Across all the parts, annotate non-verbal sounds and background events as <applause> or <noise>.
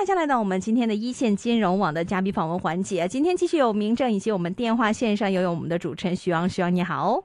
大家來到我們今天的一線金融網的嘉賓訪問環節，今天繼續有明正，以及我們電話線上又有我們的主持人徐昂，徐昂你好。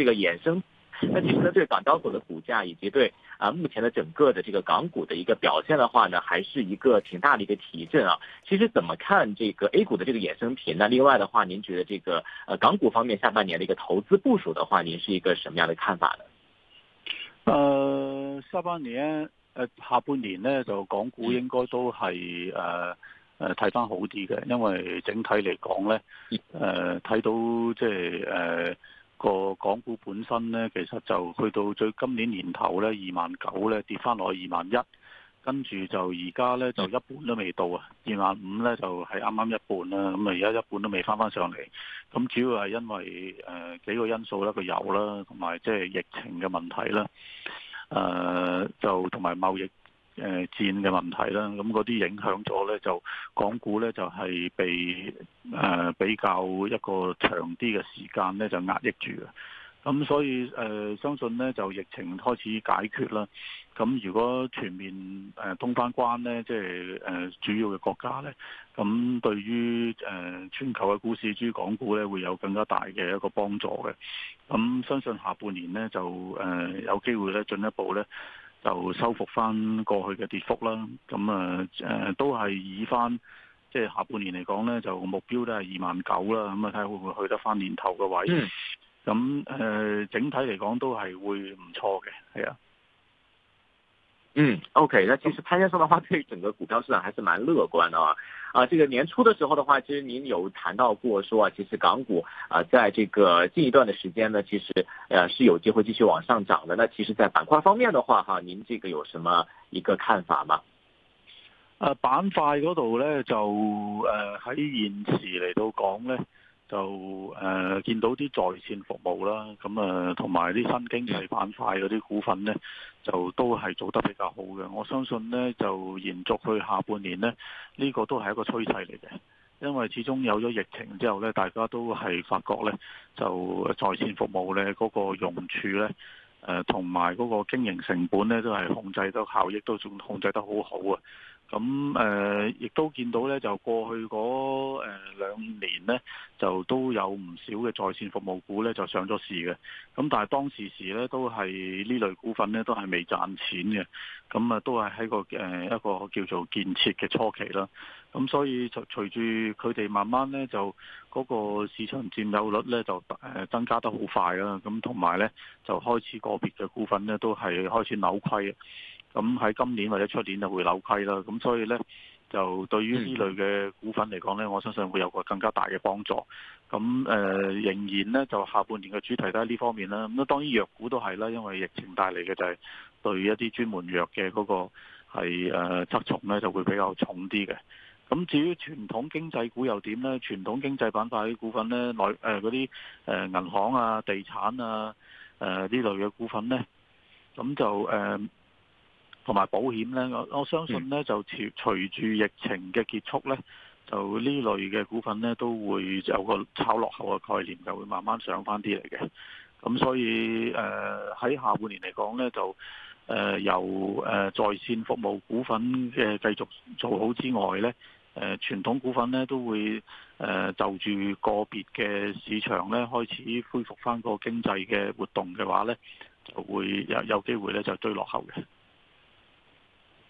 這個衍生，那其實呢，對港交所的股價以及對啊，目前的整個的這個港股的一個表現的話呢，還是一個挺大的一個提振啊。其實怎麼看這個 A 股的這個衍生品呢？那另外的話，您覺得這個呃港股方面下半年的一個投資部署的話，您是一個什麼樣的看法呢？呃，下半年呢，呃，下半年呢，就港股應該都係呃呃睇返好啲嘅，因為整體嚟講呢，呃，睇到即係呃嗰個港股本身呢，其實就去到最今年年頭呢，二萬九呢跌翻落去二萬一，跟住就而家呢，就一半都未到啊，二萬五呢，就係啱啱一半啦，咁啊而家一半都未翻翻上嚟，咁主要係因為誒、呃、幾個因素呢，佢有啦，同埋即係疫情嘅問題啦，誒、呃、就同埋貿易。誒戰嘅問題啦，咁嗰啲影響咗呢，就港股呢，就係被誒比較一個長啲嘅時間呢，就壓抑住嘅。咁所以誒、呃，相信呢，就疫情開始解決啦。咁如果全面誒、呃、通翻關呢，即係誒主要嘅國家呢，咁對於誒、呃、全球嘅股市，至於港股呢，會有更加大嘅一個幫助嘅。咁相信下半年呢，就誒、呃、有機會呢進一步呢，就收復翻過去嘅跌幅啦，咁啊誒都係以翻即係下半年嚟講呢，就目標都係二萬九啦，咁啊睇下會唔會去得翻年頭嘅位，咁誒整體嚟講都係會唔錯嘅，係啊。嗯，OK，那其實潘先生的話對於整個股票市場還是蠻樂觀的啊。啊，這個年初的時候的話，其實您有談到過說啊，其實港股啊，在這個近一段的時間呢，其實呃、啊、是有機會繼續往上漲的。那其實，在板塊方面的話，哈，您這個有什麼一個看法嗎？呃、啊，板塊嗰度呢，就誒，喺、呃、現時嚟到講呢。就誒、呃、見到啲在線服務啦，咁啊同埋啲新經濟板塊嗰啲股份呢，就都係做得比較好嘅。我相信呢，就延續去下半年呢，呢、呢個都係一個趨勢嚟嘅，因為始終有咗疫情之後呢，大家都係發覺呢，就在線服務呢嗰、嗰個用處呢，誒同埋嗰個經營成本呢，都係控制得效益都仲控制得好好啊。咁誒，亦、呃、都見到咧，就過去嗰兩、呃、兩年咧，就都有唔少嘅在線服務股咧，就上咗市嘅。咁但係當時時咧，都係呢類股份咧，都係未賺錢嘅。咁啊，都係喺個、呃、一個叫做建設嘅初期啦。咁所以隨隨住佢哋慢慢咧，就嗰、嗰個市場佔有率咧，就、呃、增加得好快啦。咁同埋咧，就開始個別嘅股份咧，都係開始扭虧。咁喺今年或者出年就會扭虧啦，咁所以呢，就對於呢類嘅股份嚟講呢，我相信會有個更加大嘅幫助。咁誒、呃、仍然呢，就下半年嘅主題都喺呢方面啦。咁當然藥股都係啦，因為疫情帶嚟嘅就係對一啲專門藥嘅嗰個係誒側重呢，就會比較重啲嘅。咁至於傳統經濟股又點呢？傳統經濟板塊啲股份呢，嗰啲誒銀行啊、地產啊誒呢、呃、類嘅股份呢，咁就誒。呃同埋保險咧，我我相信咧、嗯、就隨住疫情嘅結束咧，就呢類嘅股份咧都會有個炒落後嘅概念，就會慢慢上翻啲嚟嘅。咁所以誒喺、呃、下半年嚟講咧，就誒、呃、由誒在線服務股份嘅繼續做好之外咧，誒、呃、傳統股份咧都會誒、呃、就住個別嘅市場咧開始恢復翻嗰個經濟嘅活動嘅話咧，就會有有機會咧就追落後嘅。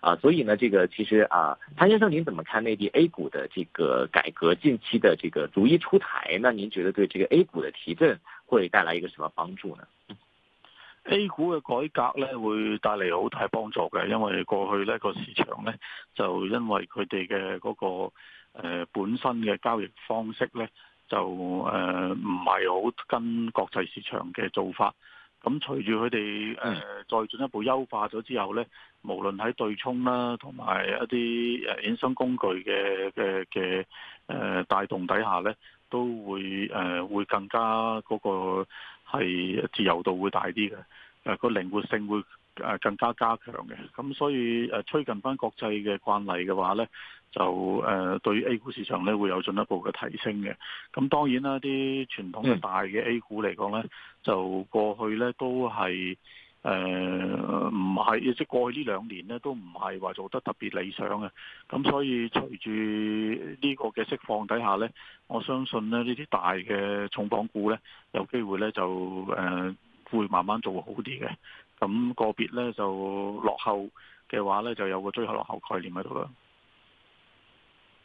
啊，所以呢，這個其實啊，潘先生您怎麼看內地 A 股的這個改革近期的這個逐一出台？那您覺得對這個 A 股的提振會帶來一個什麼幫助呢？A 股嘅改革呢，會帶嚟好大幫助嘅，因為過去呢個市場呢，就因為佢哋嘅嗰個誒、呃、本身嘅交易方式呢，就誒唔係好跟國際市場嘅做法。咁隨住佢哋誒再進一步優化咗之後呢，無論喺對沖啦，同埋一啲誒衍生工具嘅嘅嘅誒帶動底下呢，都會誒會更加嗰個係自由度會大啲嘅，誒個靈活性會誒更加加強嘅。咁所以誒推近返國際嘅慣例嘅話呢。就誒、呃、對於 A 股市場咧，會有進一步嘅提升嘅。咁當然啦，啲傳統嘅大嘅 A 股嚟講咧，就過去咧都係誒唔係，即、呃、係、就是、過去兩呢兩年咧都唔係話做得特別理想嘅。咁所以隨住呢個嘅釋放底下咧，我相信咧呢啲大嘅重磅股咧有機會咧就誒、呃、會慢慢做好啲嘅。咁、那個別咧就落後嘅話咧，就有個追落後概念喺度啦。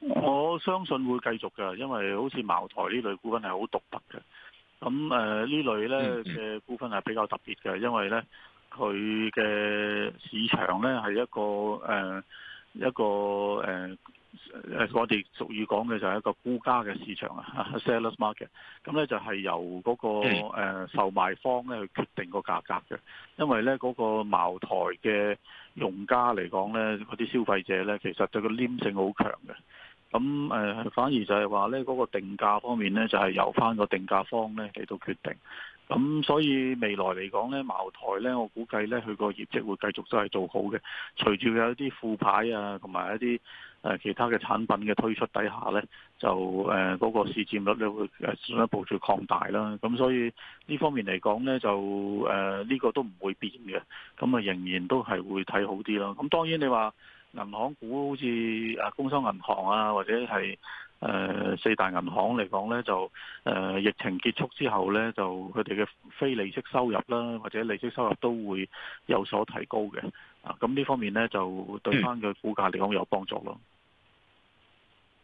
我相信會繼續嘅，因為好似茅台呢類股份係好獨特嘅。咁誒、呃、呢類咧嘅股份係比較特別嘅，因為呢，佢嘅市場呢係一個誒、呃、一個誒、呃、我哋俗語講嘅就係一個沽家嘅市場啊，seller's market、那個。咁呢就係由嗰個售賣方咧去決定個價格嘅，因為呢，嗰、那個茅台嘅用家嚟講呢，嗰啲消費者呢，其實對個黏性好強嘅。咁誒，反而就係話咧，嗰個定價方面咧，就係由翻個定價方咧嚟到決定。咁所以未來嚟講咧，茅台咧，我估計咧，佢個業績會繼續都係做好嘅。隨住有一啲副牌啊，同埋一啲誒其他嘅產品嘅推出底下咧，就誒嗰個市佔率咧會誒進一步再擴大啦。咁所以呢方面嚟講咧，就誒呢個都唔會變嘅。咁啊，仍然都係會睇好啲囉。咁當然你話。銀行股好似啊工商銀行啊或者係誒、呃、四大銀行嚟講呢，就誒、呃、疫情結束之後呢，就佢哋嘅非利息收入啦，或者利息收入都會有所提高嘅啊，咁呢方面呢，就對翻嘅股價嚟講有幫助咯。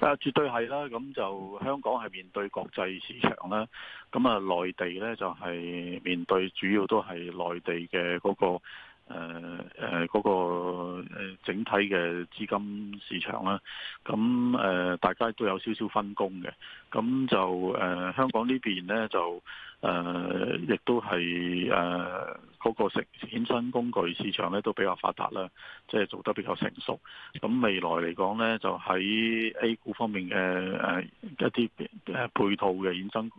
啊，絕對係啦，咁就香港係面對國際市場啦，咁啊內地呢，就係面對主要都係內地嘅嗰、那個誒嗰、那個、整體嘅資金市場啦，咁大家都有少少分工嘅，咁就誒香港呢邊呢，就。誒、呃，亦都係誒嗰個食衍生工具市場咧，都比較發達啦，即係做得比較成熟。咁未來嚟講咧，就喺 A 股方面嘅誒、呃、一啲誒、配套嘅衍生。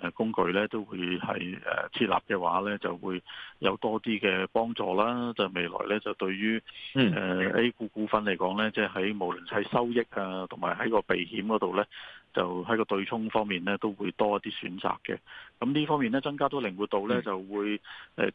誒工具咧都會係誒設立嘅話咧，就會有多啲嘅幫助啦。就未來咧就對於誒 A 股股份嚟講咧，即係喺無論係收益啊，同埋喺個避險嗰度咧，就喺個對沖方面咧，都會多一啲選擇嘅。咁呢方面咧，增加咗靈活度咧，就會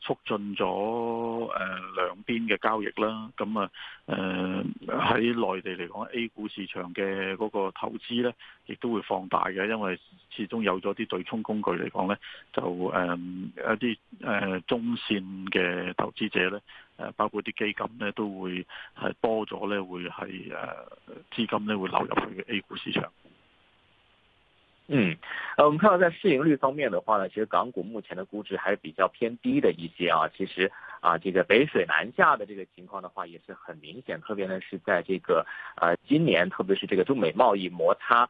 促進咗誒、呃、兩邊嘅交易啦。咁啊誒喺內地嚟講，A 股市場嘅嗰個投資咧，亦都會放大嘅，因為始終有咗啲對沖。工具嚟講呢，就誒一啲誒中線嘅投資者呢，誒包括啲基金呢，都會係多咗呢，會係誒資金呢，會流入去 A 股市場。嗯，誒，我們看到在市盈率方面的話呢，其實港股目前的估值還是比較偏低的一些啊。其實啊，這個北水南下的這個情況的話，也是很明顯，特別呢是在這個啊今年，特別是這個中美貿易摩擦。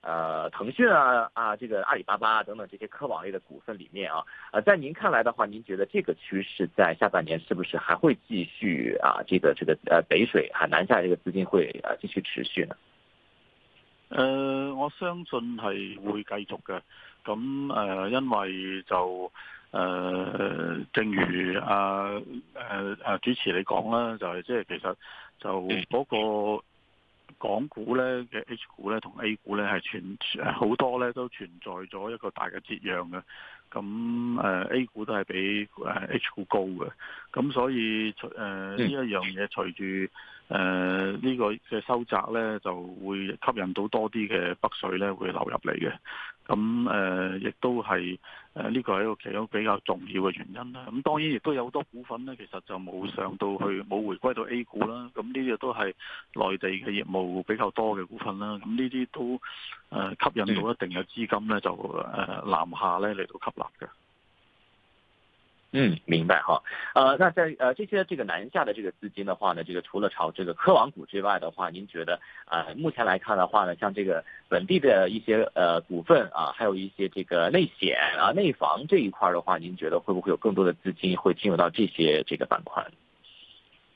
呃，騰訊啊，啊，這個阿里巴巴啊，等等這些科網類的股份裏面啊，啊，在您看來的話，您覺得這個趨勢在下半年是不是還會繼續啊？這個這個北水啊南下這個資金會啊繼續持續呢？呃，我相信係會繼續嘅。咁誒、呃，因為就誒、呃，正如呃，誒、呃、誒主持你講啦，就係即係其實就嗰、個。港股咧嘅 H 股咧同 A 股咧係存好多咧都存在咗一個大嘅折讓嘅，咁誒 A 股都係比誒 H 股高嘅，咁所以誒呢一樣嘢隨住誒呢個嘅收窄咧就會吸引到多啲嘅北水咧會流入嚟嘅。咁誒、呃，亦都係誒呢個係一個其中比較重要嘅原因啦。咁當然亦都有好多股份呢，其實就冇上到去，冇回歸到 A 股啦。咁呢啲都係內地嘅業務比較多嘅股份啦。咁呢啲都誒、呃、吸引到一定嘅資金呢，就誒、呃、南下呢嚟到吸納嘅。嗯，明白哈。呃，那在呃這些這個南下的這個資金的話呢，這個除了炒這個科網股之外的話，您覺得呃目前來看的話呢，像這個本地的一些呃股份啊、呃，還有一些這個內險啊、呃、內房這一塊的話，您覺得會不會有更多的資金會進入到這些這個板塊？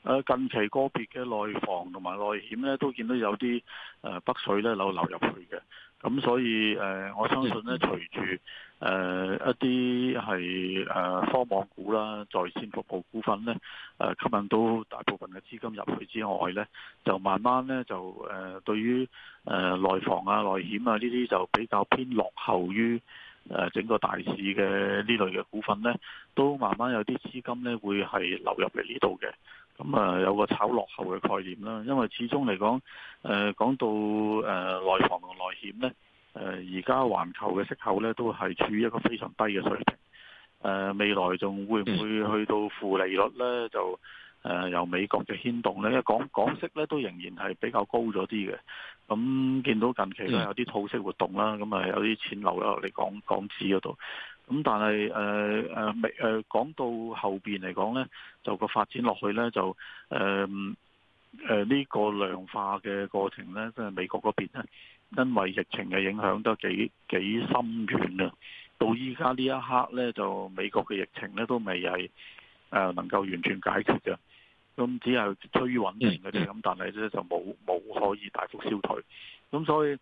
呃，近期個別嘅內房同埋內險呢，都見到有啲呃北水呢，流流入去嘅。咁所以誒，我相信咧，隨住誒一啲係誒科網股啦，在線服務股份咧誒，吸引到大部分嘅資金入去之外咧，就慢慢咧就誒對於誒內房啊、內險啊呢啲就比較偏落後於誒整個大市嘅呢類嘅股份咧，都慢慢有啲資金咧會係流入嚟呢度嘅。咁、嗯、啊，有個炒落後嘅概念啦，因為始終嚟講，誒、呃、講到誒、呃、內房同內險咧，誒而家環球嘅息口咧都係處於一個非常低嘅水平，呃、未來仲會唔會去到負利率咧？就誒、呃、由美國嘅牽動咧，因為港港息咧都仍然係比較高咗啲嘅，咁、嗯、見到近期都有啲套息活動啦，咁啊有啲錢流落嚟港港紙度。咁但係誒誒未誒講到後邊嚟講呢，就個發展落去呢，就誒誒呢個量化嘅過程呢，即係美國嗰邊咧，因為疫情嘅影響都幾幾深遠啊！到依家呢一刻呢，就美國嘅疫情呢都未係誒能夠完全解決嘅，咁只係趨於穩定嘅啫。咁但係呢，就冇冇可以大幅消退。咁所以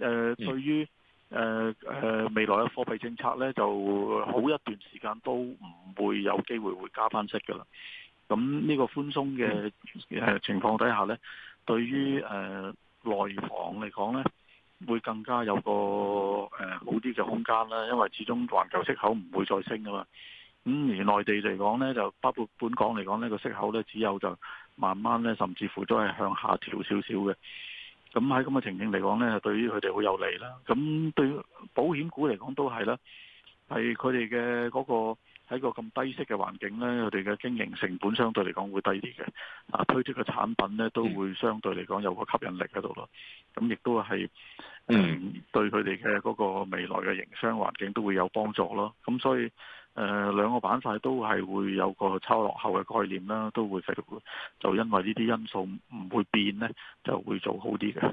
誒對於，呃、嗯誒、呃、誒、呃，未來嘅貨幣政策咧，就好一段時間都唔會有機會會加返息噶啦。咁呢個寬鬆嘅誒情況底下咧，對於誒內房嚟講咧，會更加有個誒、呃、好啲嘅空間啦。因為始終環球息口唔會再升㗎嘛。咁、嗯、而內地嚟講咧，就包括本港嚟講呢個息口咧只有，就慢慢咧，甚至乎都係向下調少少嘅。咁喺咁嘅情景嚟講呢，對於佢哋好有利啦。咁對保險股嚟講都係啦，係佢哋嘅嗰個喺個咁低息嘅環境呢，佢哋嘅經營成本相對嚟講會低啲嘅。啊，推出嘅產品呢，都會相對嚟講有個吸引力喺度咯。咁亦都係嗯對佢哋嘅嗰個未來嘅營商環境都會有幫助咯。咁所以。誒、呃、兩個板塊都係會有個抄落後嘅概念啦，都會繼續就因為呢啲因素唔會變呢，就會做好啲嘅。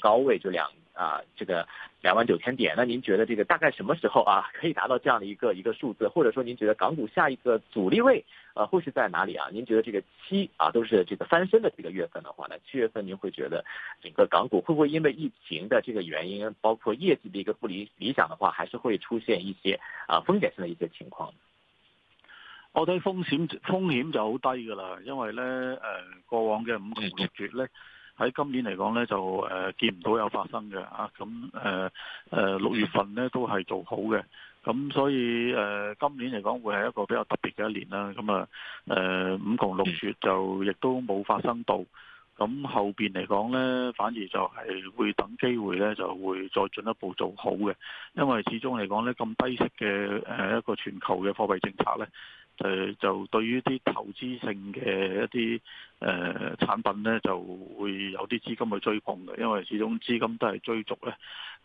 高位就兩啊，這個兩萬九千點。那您覺得這個大概什麼時候啊可以達到這樣的一個一個數字？或者說您覺得港股下一個阻力位啊會是在哪裡啊？您覺得這個七啊都是這個翻身的這個月份的話呢？七月份您會覺得整個港股會不會因為疫情的這個原因，包括業績的一個不理理想的話，還是會出現一些啊風險性的一些情況？哦，對，風險風險就好低嘅喇，因為呢，呃過往嘅五窮六絕呢。 <laughs> 喺今年嚟講呢，就誒見唔到有發生嘅啊。咁誒誒六月份呢，都係做好嘅，咁所以誒今年嚟講會係一個比較特別嘅一年啦，咁啊誒五同六月就亦都冇發生到。咁後邊嚟講呢，反而就係會等機會呢，就會再進一步做好嘅。因為始終嚟講呢，咁低息嘅誒一個全球嘅貨幣政策呢，誒就對於啲投資性嘅一啲誒產品呢，就會有啲資金去追捧嘅。因為始終資金都係追逐呢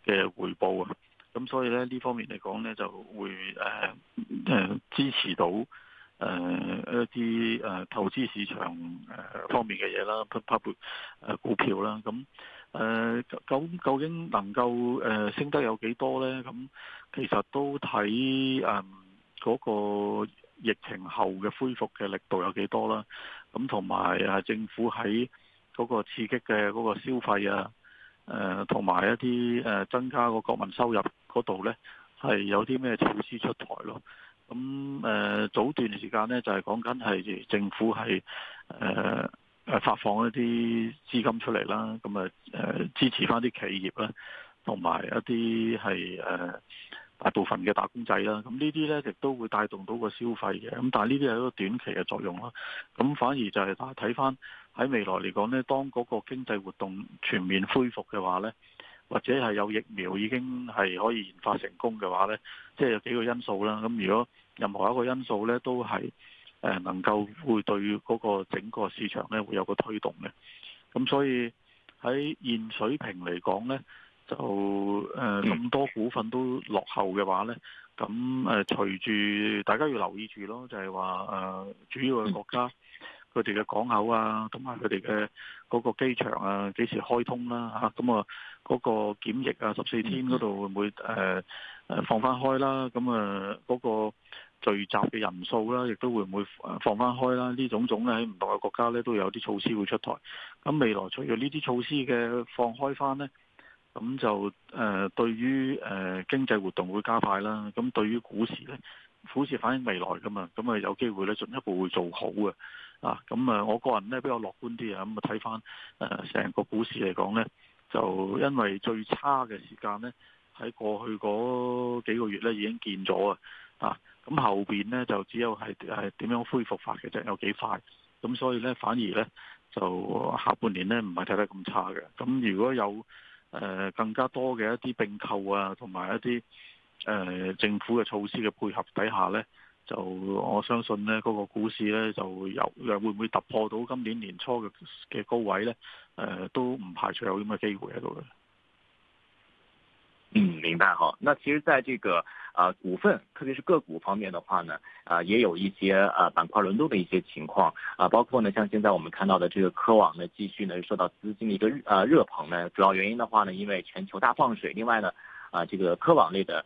嘅回報啊。咁所以呢，呢方面嚟講呢，就會誒支持到。誒、呃、一啲誒投資市場誒方面嘅嘢啦，包括誒股票啦，咁誒，咁、呃、究竟能夠誒、呃、升得有幾多咧？咁其實都睇誒嗰個疫情後嘅恢復嘅力度有幾多啦。咁同埋啊，政府喺嗰個刺激嘅嗰個消費啊，誒同埋一啲誒增加個國民收入嗰度咧，係有啲咩措施出台咯？咁誒、呃、早段時間呢，就係講緊係政府係誒誒發放一啲資金出嚟啦，咁誒支持翻啲企業啦，同埋一啲係誒大部分嘅打工仔啦。咁呢啲呢，亦都會帶動到個消費嘅。咁但係呢啲係一個短期嘅作用啦。咁反而就係睇翻喺未來嚟講呢，當嗰個經濟活動全面恢復嘅話呢。或者係有疫苗已經係可以研發成功嘅話呢，即係、就是、有幾個因素啦。咁如果任何一個因素呢，都係誒能夠會對嗰個整個市場呢會有個推動嘅。咁所以喺現水平嚟講呢，就誒咁、呃、多股份都落後嘅話呢，咁誒、呃、隨住大家要留意住咯，就係話誒主要嘅國家。佢哋嘅港口啊，同埋佢哋嘅嗰個機場啊，幾時開通啦？吓，咁啊，嗰、啊啊嗰個檢疫啊，十四天嗰度會唔會、呃、放翻開啦？咁啊，嗰、啊嗰個聚集嘅人數啦、啊，亦都會唔會放翻開啦、啊？呢種種咧喺唔同嘅國家咧都有啲措施會出台。咁未來隨住呢啲措施嘅放開翻呢，咁就誒、呃、對於誒、呃、經濟活動會加快啦。咁對於股市咧，股市反映未來咁啊，咁啊有機會咧進一步會做好嘅。啊，咁啊，我個人呢，比較樂觀啲啊，咁啊睇返誒成個股市嚟講呢，就因為最差嘅時間呢，喺過去嗰幾個月呢已經見咗啊，咁後邊呢，就只有係誒點樣恢復法嘅啫，有幾快，咁所以呢，反而呢，就下半年呢唔係睇得咁差嘅，咁如果有誒更加多嘅一啲並購啊，同埋一啲誒政府嘅措施嘅配合底下呢，就我相信呢，嗰、那個股市呢，就有，又會唔會突破到今年年初嘅嘅高位呢？誒、呃，都唔排除有咁嘅機會喺度嘅。嗯，明白好。那其實，在這個啊股份，特別是個股方面的話呢，啊也有一些啊板塊輪動的一些情況啊，包括呢，像現在我們看到的這個科網呢，繼續呢受到資金的一個熱熱捧呢，主要原因的話呢，因為全球大放水，另外呢啊，這個科網類的。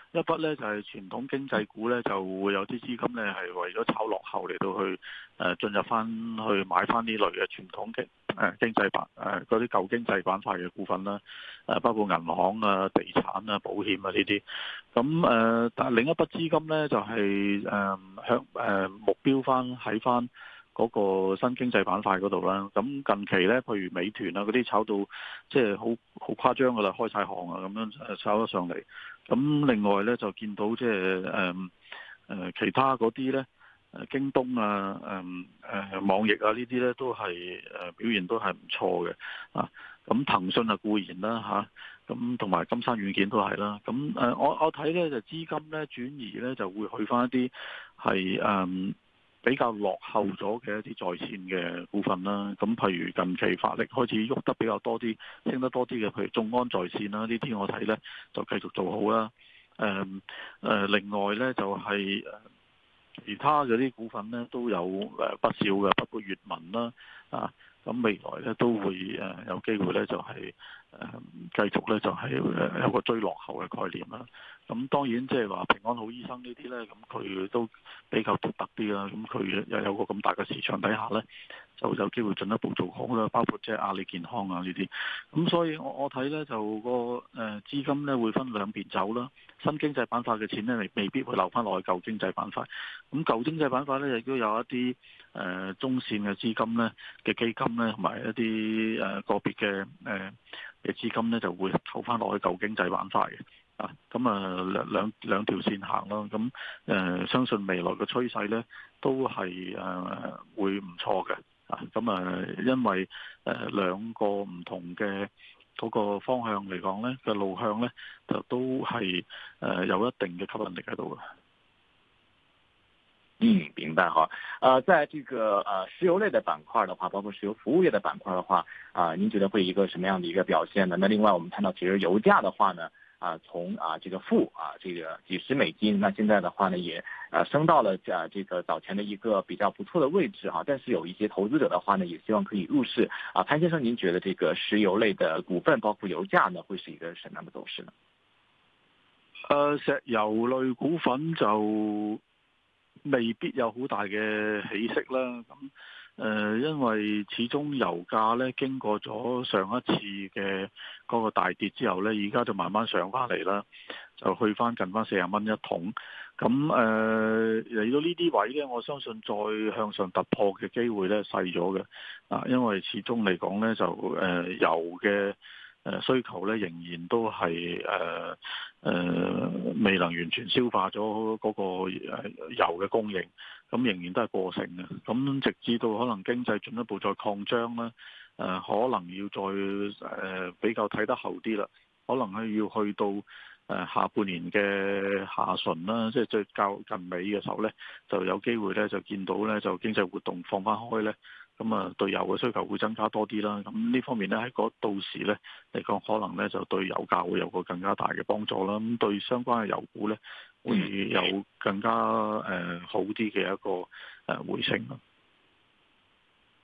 一筆呢就係、是、傳統經濟股呢就會有啲資金呢係為咗炒落後，嚟到去誒進入翻去買翻呢類嘅傳統經誒經濟板誒嗰啲舊經濟板塊嘅股份啦，誒包括銀行啊、地產啊、保險啊呢啲，咁誒、呃、但係另一筆資金呢，就係誒向誒目標翻喺翻。嗰、那個新經濟板塊嗰度啦，咁近期呢，譬如美團啊嗰啲炒到即係好好誇張㗎啦，開晒行啊咁樣炒咗上嚟。咁另外呢，就見到即係誒、呃、其他嗰啲呢，京東啊、誒、呃、誒網易啊呢啲呢，都、呃、係表現都係唔錯嘅啊。咁騰訊啊固然啦，咁同埋金山軟件都係啦。咁我我睇呢，就資金呢轉移呢，就會去翻一啲係誒。呃比較落後咗嘅一啲在線嘅股份啦，咁譬如近期發力開始喐得比較多啲，升得多啲嘅，譬如眾安在線啦，呢啲我睇呢就繼續做好啦。誒、嗯呃、另外呢，就係、是、其他嗰啲股份呢都有不少嘅，包括粵文啦啊，咁未來呢都會有機會呢，就係、是、誒、嗯、繼續呢，就係、是、有個追落後嘅概念啦。咁當然即係話平安好醫生呢啲呢，咁佢都比較獨特啲啦。咁佢又有個咁大嘅市場底下呢，就有機會進一步做好啦。包括即係阿里健康啊呢啲。咁所以我我睇呢，就個誒資金呢會分兩邊走啦。新經濟板塊嘅錢呢未必會留翻落去舊經濟板塊。咁舊經濟板塊呢，亦都有一啲誒、呃、中線嘅資金呢嘅基金呢，同埋一啲誒、呃、個別嘅誒嘅資金呢，就會投翻落去舊經濟板塊嘅。咁啊兩兩兩條線行咯，咁誒相信未來嘅趨勢咧都係誒會唔錯嘅，啊咁啊因為誒兩個唔同嘅嗰個方向嚟講咧嘅路向咧就都係誒有一定嘅吸引力喺度嘅。嗯，明白哈。啊、呃，在這個誒石油類的板塊的話，包括石油服務業的板塊的話，啊、呃，您覺得會一個什麼樣的一個表現呢？那另外我們談到其實油價的話呢？從啊，從啊這個負啊這個幾十美金，那現在的話呢，也呃升到了啊這個早前的一個比較不錯的位置哈。但是有一些投資者的話呢，也希望可以入市啊。潘先生，您覺得這個石油類的股份，包括油價呢，會是一個什麼樣的走勢呢？呃，石油類股份就未必有好大嘅起色啦。誒、呃，因為始終油價呢，經過咗上一次嘅嗰個大跌之後呢，而家就慢慢上翻嚟啦，就去翻近翻四十蚊一桶。咁誒嚟到呢啲位呢，我相信再向上突破嘅機會呢，細咗嘅。啊，因為始終嚟講呢，就、呃、油嘅。誒、呃、需求咧仍然都係誒誒未能完全消化咗嗰個油嘅供應，咁、嗯、仍然都係過剩嘅。咁、嗯、直至到可能經濟進一步再擴張啦，誒、呃、可能要再誒、呃、比較睇得後啲啦，可能係要去到誒、呃、下半年嘅下旬啦，即係最較近尾嘅時候咧，就有機會咧就見到咧就經濟活動放返開咧。咁、嗯、啊，對油嘅需求會增加多啲啦。咁呢方面咧，喺嗰到時咧嚟講，可能咧就對油價會有個更加大嘅幫助啦。咁對相關嘅油股咧，會有更加誒、呃、好啲嘅一個誒、呃、回升咯。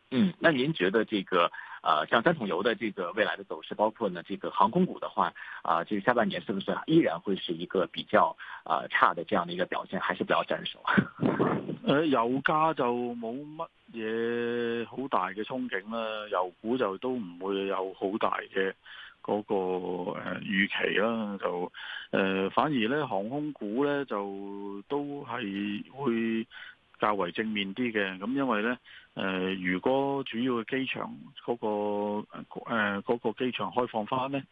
嗯，那您覺得這個啊、呃，像三桶油的這個未來的走勢，包括呢，這個航空股的話，啊、呃，這、就、個、是、下半年是不是依然會是一個比較啊、呃、差的這樣的一個表現？還是比較沾手？ <laughs> 誒油價就冇乜嘢好大嘅憧憬啦，油股就都唔會有好大嘅嗰個預期啦，就誒、呃、反而咧航空股咧就都係會較為正面啲嘅，咁因為咧誒、呃、如果主要嘅機場嗰、嗰個誒嗰、呃嗰個機場開放翻咧，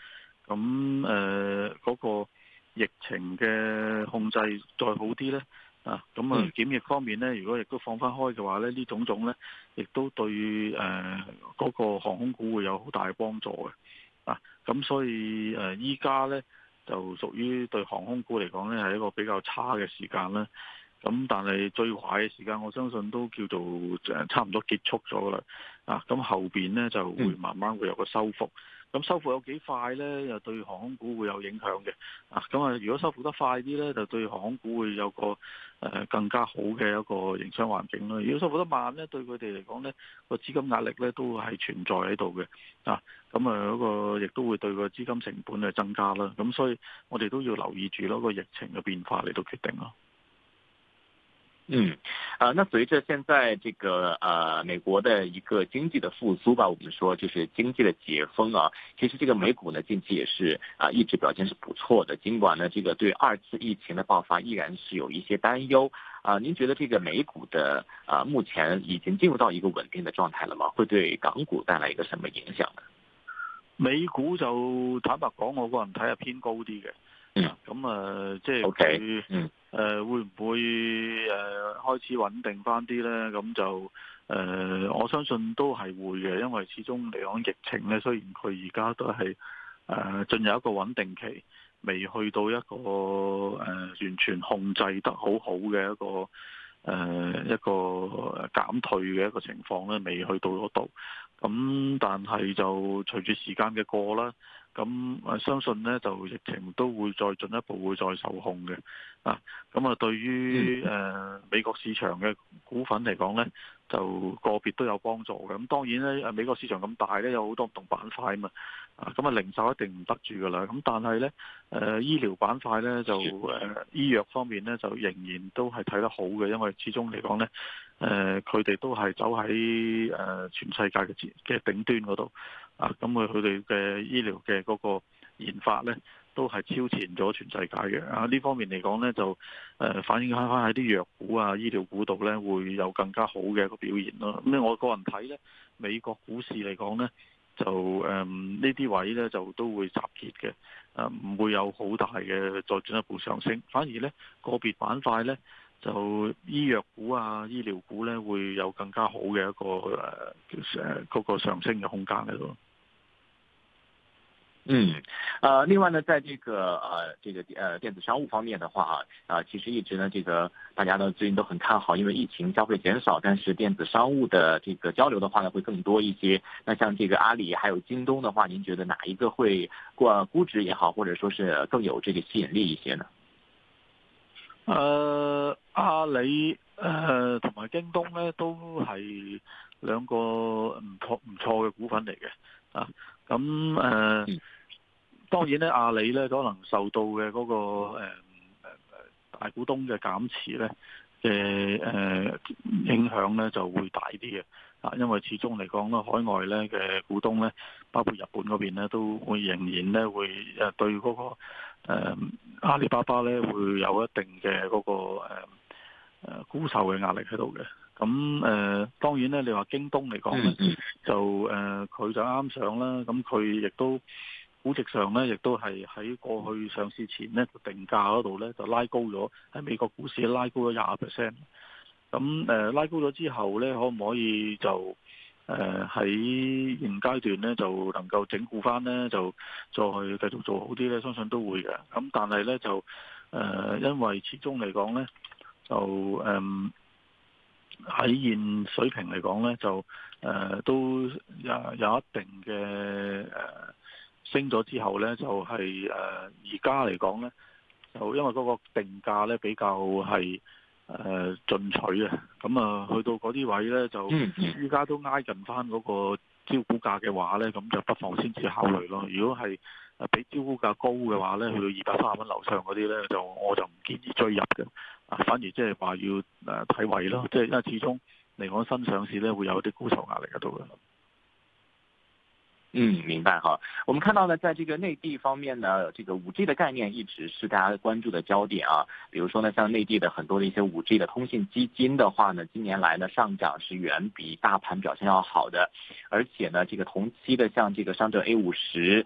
咁誒嗰個疫情嘅控制再好啲咧。啊，咁啊，檢疫方面咧，如果亦都放翻開嘅話咧，呢種種咧，亦都對誒嗰、呃嗰個航空股會有好大嘅幫助嘅。啊，咁所以誒，依家咧就屬於對航空股嚟講咧係一個比較差嘅時間啦。咁但係最壞嘅時間，時間我相信都叫做誒差唔多結束咗啦。啊，咁後邊咧就會慢慢會有個收復。咁收復有幾快呢？又對航空股會有影響嘅。啊，咁啊，如果收復得快啲呢，就對航空股會有個誒更加好嘅一個營商環境咯。如果收復得慢呢，對佢哋嚟講呢，個資金壓力呢都係存在喺度嘅。啊，咁啊，嗰個亦都會對個資金成本係增加啦。咁所以我哋都要留意住咯，個疫情嘅變化嚟到決定咯。嗯，啊、呃，那隨着現在這個呃美國的一個經濟的復甦吧，我們說就是經濟的解封啊，其實這個美股呢近期也是啊、呃、一直表現是不錯的，儘管呢這個對二次疫情的爆發依然是有一些擔憂啊。您覺得這個美股的啊、呃、目前已經進入到一個穩定的狀態了嗎？會對港股帶來一個什麼影響呢？美股就坦白講，我個人睇下偏高啲嘅，嗯，咁啊、呃、即係 ok 嗯。誒，會唔會誒開始穩定翻啲呢？咁就誒、呃，我相信都係會嘅，因為始終嚟講疫情呢，雖然佢而家都係誒進入一個穩定期，未去到一個誒、呃、完全控制得好好嘅一個誒、呃、一個減退嘅一個情況呢，未去到嗰度。咁但係就隨住時間嘅過啦，咁相信呢，就疫情都會再進一步會再受控嘅。啊，咁啊，對於誒、呃、美國市場嘅股份嚟講呢就個別都有幫助嘅。咁當然呢，誒美國市場咁大呢，有好多唔同板塊啊嘛。啊，咁啊，零售一定唔得住噶啦。咁、啊、但係呢，誒、呃、醫療板塊呢，就誒、呃、醫藥方面呢，就仍然都係睇得好嘅，因為始終嚟講呢，誒佢哋都係走喺誒、呃、全世界嘅嘅頂端嗰度。啊，咁佢佢哋嘅醫療嘅嗰個研發呢，都係超前咗全世界嘅啊！呢方面嚟講呢，就誒、呃、反映喺喺啲藥股啊、醫療股度呢，會有更加好嘅一個表現咯。咁我個人睇呢，美國股市嚟講呢，就誒呢啲位呢，就都會集結嘅，誒、呃、唔會有好大嘅再進一步上升。反而呢個別板塊呢，就醫藥股啊、醫療股呢，會有更加好嘅一個誒嗰、呃呃嗰個上升嘅空間喺度。嗯，呃，另外呢，在這個呃這個呃電子商務方面的話啊，啊，其實一直呢，這個大家呢最近都很看好，因為疫情消費減少，但是電子商務的這個交流的話呢會更多一些。那像這個阿里還有京東的話，您覺得哪一個會過估值也好，或者說是更有這個吸引力一些呢？呃，阿里呃同埋京東呢，都係兩個唔錯唔錯嘅股份嚟嘅。咁誒、呃，當然咧，阿里咧可能受到嘅嗰、嗰個、嗯、大股東嘅減持咧嘅誒影響咧就會大啲嘅，啊，因為始終嚟講咧，海外咧嘅股東咧，包括日本嗰邊咧，都會仍然咧會誒對嗰、嗰個、嗯、阿里巴巴咧會有一定嘅嗰、嗰個誒誒沽售嘅壓力喺度嘅。咁誒、呃，當然咧，你話京東嚟講咧，就誒佢、呃、就啱上啦。咁佢亦都估值上咧，亦都係喺過去上市前咧定價嗰度咧，就拉高咗喺美國股市拉高咗廿 percent。咁、呃、拉高咗之後咧，可唔可以就誒喺、呃、現階段咧，就能夠整固翻咧，就再去繼續做好啲咧，相信都會嘅。咁但係咧就誒、呃，因為始終嚟講咧，就誒。呃喺現水平嚟講呢就誒、呃、都有有一定嘅誒、呃、升咗之後呢就係誒而家嚟講呢就因為嗰個定價呢比較係誒進取嘅，咁啊去到嗰啲位呢，就依家都挨近翻嗰個招股價嘅話呢咁就不妨先至考慮咯。如果係比招股價高嘅話呢去到二百三十蚊樓上嗰啲呢，就我就唔建議追入嘅。反而即係話要誒睇位囉，即係因為始終嚟講新上市咧會有啲沽售壓力喺度嘅。嗯，明白哈。我們看到呢，在這個內地方面呢，這個五 G 的概念一直是大家關注的焦點啊。比如說呢，像內地的很多的一些五 G 的通信基金的話呢，今年來呢上漲是遠比大盤表現要好的，而且呢，這個同期的像這個上證 A 五十。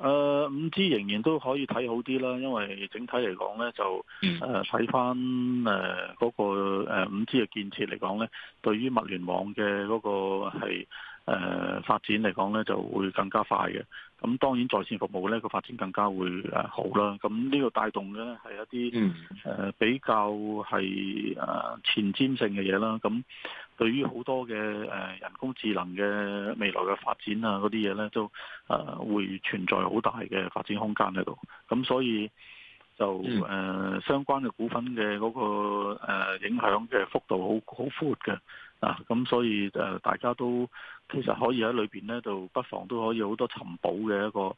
誒，五 G 仍然都可以睇好啲啦，因為整體嚟講咧就誒睇翻誒嗰個誒五 G 嘅建設嚟講咧，對於物聯網嘅嗰個係誒、呃、發展嚟講咧就會更加快嘅。咁當然，在線服務咧個發展更加會誒好啦。咁呢個帶動嘅係一啲誒比較係誒前瞻性嘅嘢啦。咁對於好多嘅誒人工智能嘅未來嘅發展啊嗰啲嘢咧，都誒會存在好大嘅發展空間喺度。咁所以就誒相關嘅股份嘅嗰個影響嘅幅度好好闊嘅啊。咁所以誒大家都其實可以喺裏邊呢，就不妨都可以好多尋寶嘅一個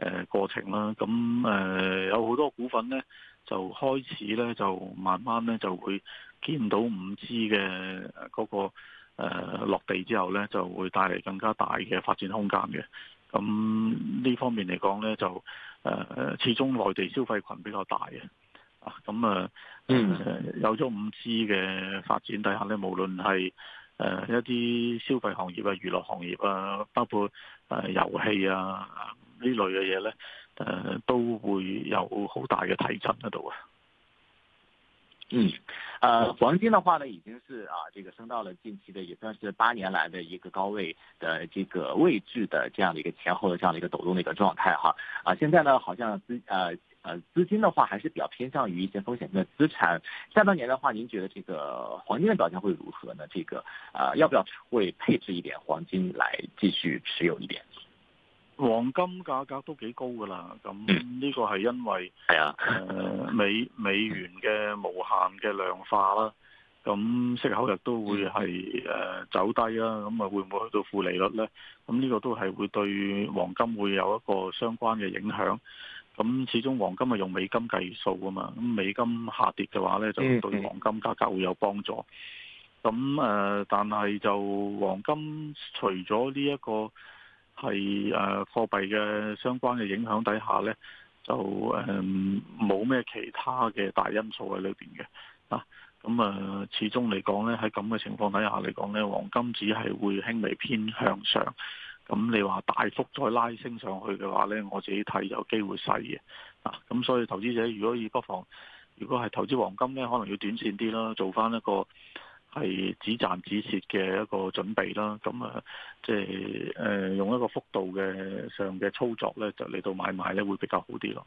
誒過程啦。咁誒，有好多股份呢，就開始呢，就慢慢呢，就會見到五 G 嘅嗰個誒、呃、落地之後呢，就會帶嚟更加大嘅發展空間嘅。咁呢方面嚟講呢，就誒、呃、始終內地消費群比較大嘅。啊，咁、呃、啊、嗯，有咗五 G 嘅發展底下呢，無論係。誒、呃、一啲消費行業啊、娛樂行業啊，包括誒、呃、遊戲啊呢、啊、類嘅嘢呢，誒、呃、都會有好大嘅提振喺度啊。嗯，誒、呃、黃金的話呢，已經是啊，這個升到了近期的，也算是八年來的一個高位的這個位置的這樣的一個前後的這樣的一個抖動嘅一個狀態哈。啊，現在呢，好像資、啊呃、啊，資金的話還是比較偏向於一些風險的資產。下半年的話，您覺得這個黃金的表現會如何呢？這個，呃、啊，要不要會配置一點黃金來繼續持有一點？黃金價格都幾高㗎啦，咁呢個係因為係啊、 <laughs> 呃哎哎，美美元嘅無限嘅量化啦，咁息口亦都會係誒、 <laughs> 呃、走低啊，咁啊會唔會去到負利率咧？咁呢個都係會對黃金會有一個相關嘅影響。咁始終黃金係用美金計數㗎嘛，咁美金下跌嘅話咧，就對黃金價格會有幫助。咁、呃、但係就黃金除咗呢一個係誒、呃、貨幣嘅相關嘅影響底下咧，就冇咩、呃、其他嘅大因素喺裏面嘅啊。咁、呃、始終嚟講咧，喺咁嘅情況底下嚟講咧，黃金只係會輕微偏向上。咁你話大幅再拉升上去嘅話呢，我自己睇有機會細嘅，啊，咁所以投資者如果要不妨，如果係投資黃金呢，可能要短線啲啦，做翻一個係止賺止蝕嘅一個準備啦。咁啊，即係，呃，用一個幅度嘅上嘅操作呢，就嚟到買賣呢會比較好啲咯。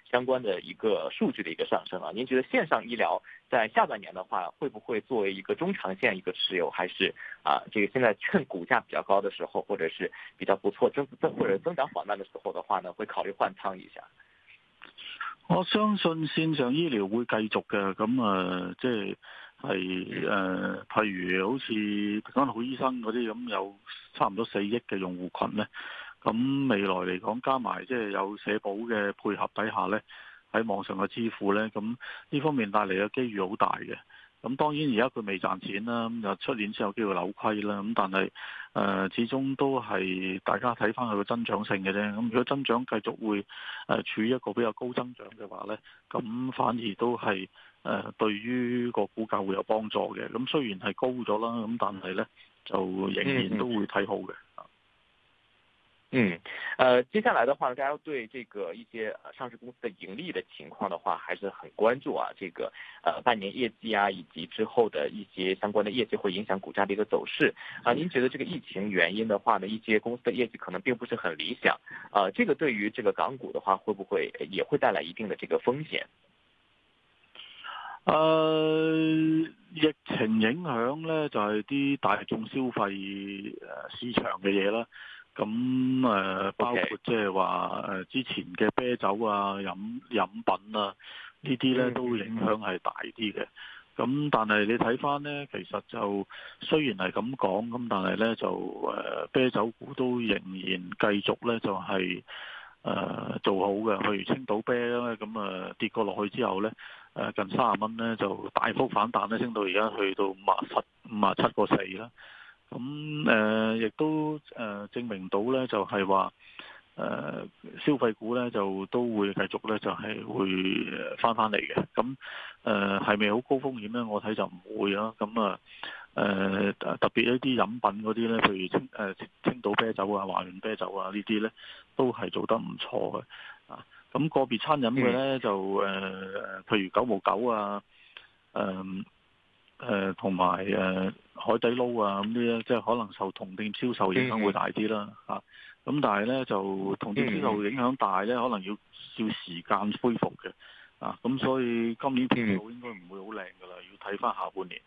相關的一個數據的一個上升啊，您覺得線上醫療在下半年的話，會不會作為一個中長線一個持有，還是啊，這個現在趁股價比較高的時候，或者是比較不錯增增或者增長緩慢的時候的話呢，會考慮換倉一下？我相信線上醫療會繼續的咁啊、呃，即係係誒，譬如好似平安好醫生嗰啲咁有差唔多四億嘅用戶群呢咁未來嚟講，加埋即係有社保嘅配合底下呢，喺網上嘅支付呢，咁呢方面帶嚟嘅機遇好大嘅。咁當然而家佢未賺錢啦，咁就出年先有機會扭虧啦。咁但係誒，始終都係大家睇翻佢個增長性嘅啫。咁如果增長繼續會誒處於一個比較高增長嘅話呢，咁反而都係誒對於個股價會有幫助嘅。咁雖然係高咗啦，咁但係呢就仍然都會睇好嘅。嗯，呃，接下來的話呢，大家對這個一些上市公司的盈利的情況的話，還是很關注啊。這個呃，半年業績啊，以及之後的一些相關的業績，會影響股價的一個走勢啊、呃。您覺得這個疫情原因的話呢，一些公司的業績可能並不是很理想啊、呃。這個對於這個港股的話，會不會也會帶來一定的這個風險？呃，疫情影響呢，就係、是、啲大眾消費、呃、市場嘅嘢啦。咁誒、呃、包括即係話誒之前嘅啤酒啊，飲飲品啊這些呢啲咧都影響係大啲嘅。咁但係你睇翻呢，其實就雖然係咁講咁，但係咧就誒、呃、啤酒股都仍然繼續咧就係、是、誒、呃、做好嘅。譬如青島啤咧咁誒跌過落去之後咧誒近三十蚊咧就大幅反彈咧，升到而家去到五十七五十七個四啦。咁亦、呃、都誒證明到咧，就係話誒消費股咧，就都會繼續咧，就係、誒、會翻翻嚟嘅。咁誒係咪好高風險咧？我睇就唔會啊。咁啊、呃、特別一啲飲品嗰啲咧，譬如青誒、呃、青島啤酒啊、華潤啤酒啊呢啲咧，都係做得唔錯嘅啊。咁個別餐飲嘅咧就誒譬如九毛九啊，誒。誒同埋誒海底撈啊咁啲咧，即係可能受同店銷售影響會大啲啦咁、嗯啊、但係咧就同店銷售影響大咧、嗯，可能要要時間恢復嘅啊。咁、啊、所以今年銷售應該唔會好靚噶啦，要睇翻下半年。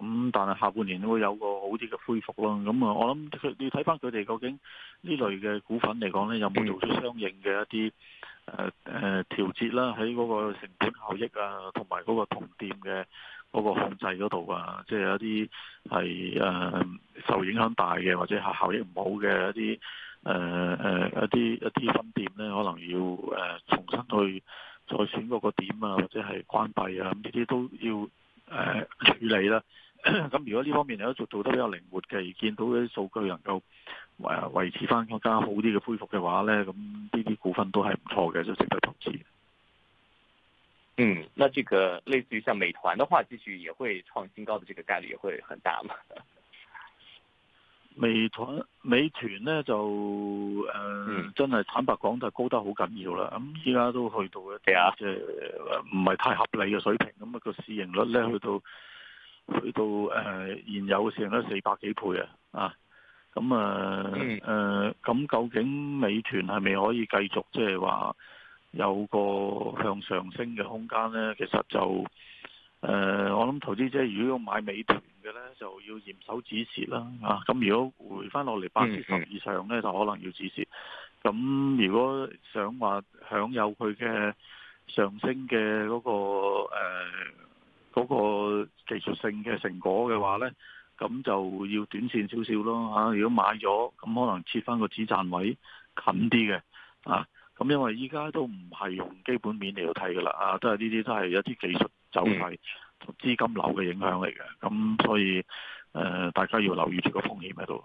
咁、啊、但係下半年會有個好啲嘅恢復咯。咁啊，我諗要睇翻佢哋究竟呢類嘅股份嚟講咧，有冇做出相應嘅一啲誒誒調節啦？喺嗰個成本效益啊，同埋嗰個同店嘅。嗰、那個控制嗰度啊，即、就、係、是、一啲係誒受影響大嘅，或者係效益唔好嘅一啲誒誒一啲一啲分店呢，可能要誒、呃、重新去再選嗰個點啊，或者係關閉啊，咁呢啲都要誒、呃、處理啦。咁 <coughs> 如果呢方面嚟講做做得比較靈活嘅，而見到啲數據能夠維持翻更加好啲嘅恢復嘅話呢，咁呢啲股份都係唔錯嘅，就值得投資。嗯，那這個類似於像美團的話，繼續也會創新高的這個概率也會很大嘛？美團美團呢就誒、呃嗯，真係坦白講就高得好緊要啦。咁依家都去到一啲啊，即係唔係太合理嘅水平。咁、那個市盈率呢去到去到誒、呃、現有嘅市盈率四百幾倍啊。啊，咁、嗯、啊誒，咁、呃嗯嗯、究竟美團係咪可以繼續即係話？有個向上升嘅空間呢，其實就誒、呃，我諗投資者如果要買美團嘅呢，就要嚴守止蝕啦啊！咁如果回翻落嚟百分之十以上呢，就可能要止蝕。咁如果想話享有佢嘅上升嘅嗰、那個誒嗰、呃那個、技術性嘅成果嘅話呢，咁就要短線少少咯嚇。如果買咗，咁可能設翻個止賺位近啲嘅啊。咁因為依家都唔係用基本面嚟到睇噶啦，啊，這些都係呢啲都係一啲技術走勢同、嗯、資金流嘅影響嚟嘅，咁所以誒、呃，大家要留意住個風險喺度。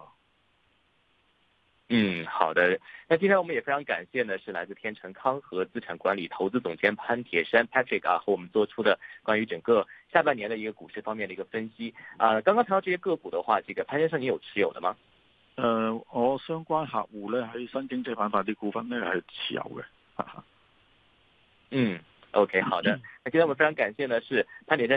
嗯，好的。那今天我們也非常感謝呢，是來自天宸康合資產管理投資總監潘鐵珊 Patrick 啊，和我們做出的關於整個下半年嘅一個股市方面嘅一個分析。啊，剛剛提到這些個股的話，這個潘先生你有持有的嗎？誒、呃，我相關客戶咧喺新經濟板塊啲股份咧係持有嘅，哈哈。嗯，OK，好的。嗯、今日我們非常感謝呢，是潘先生。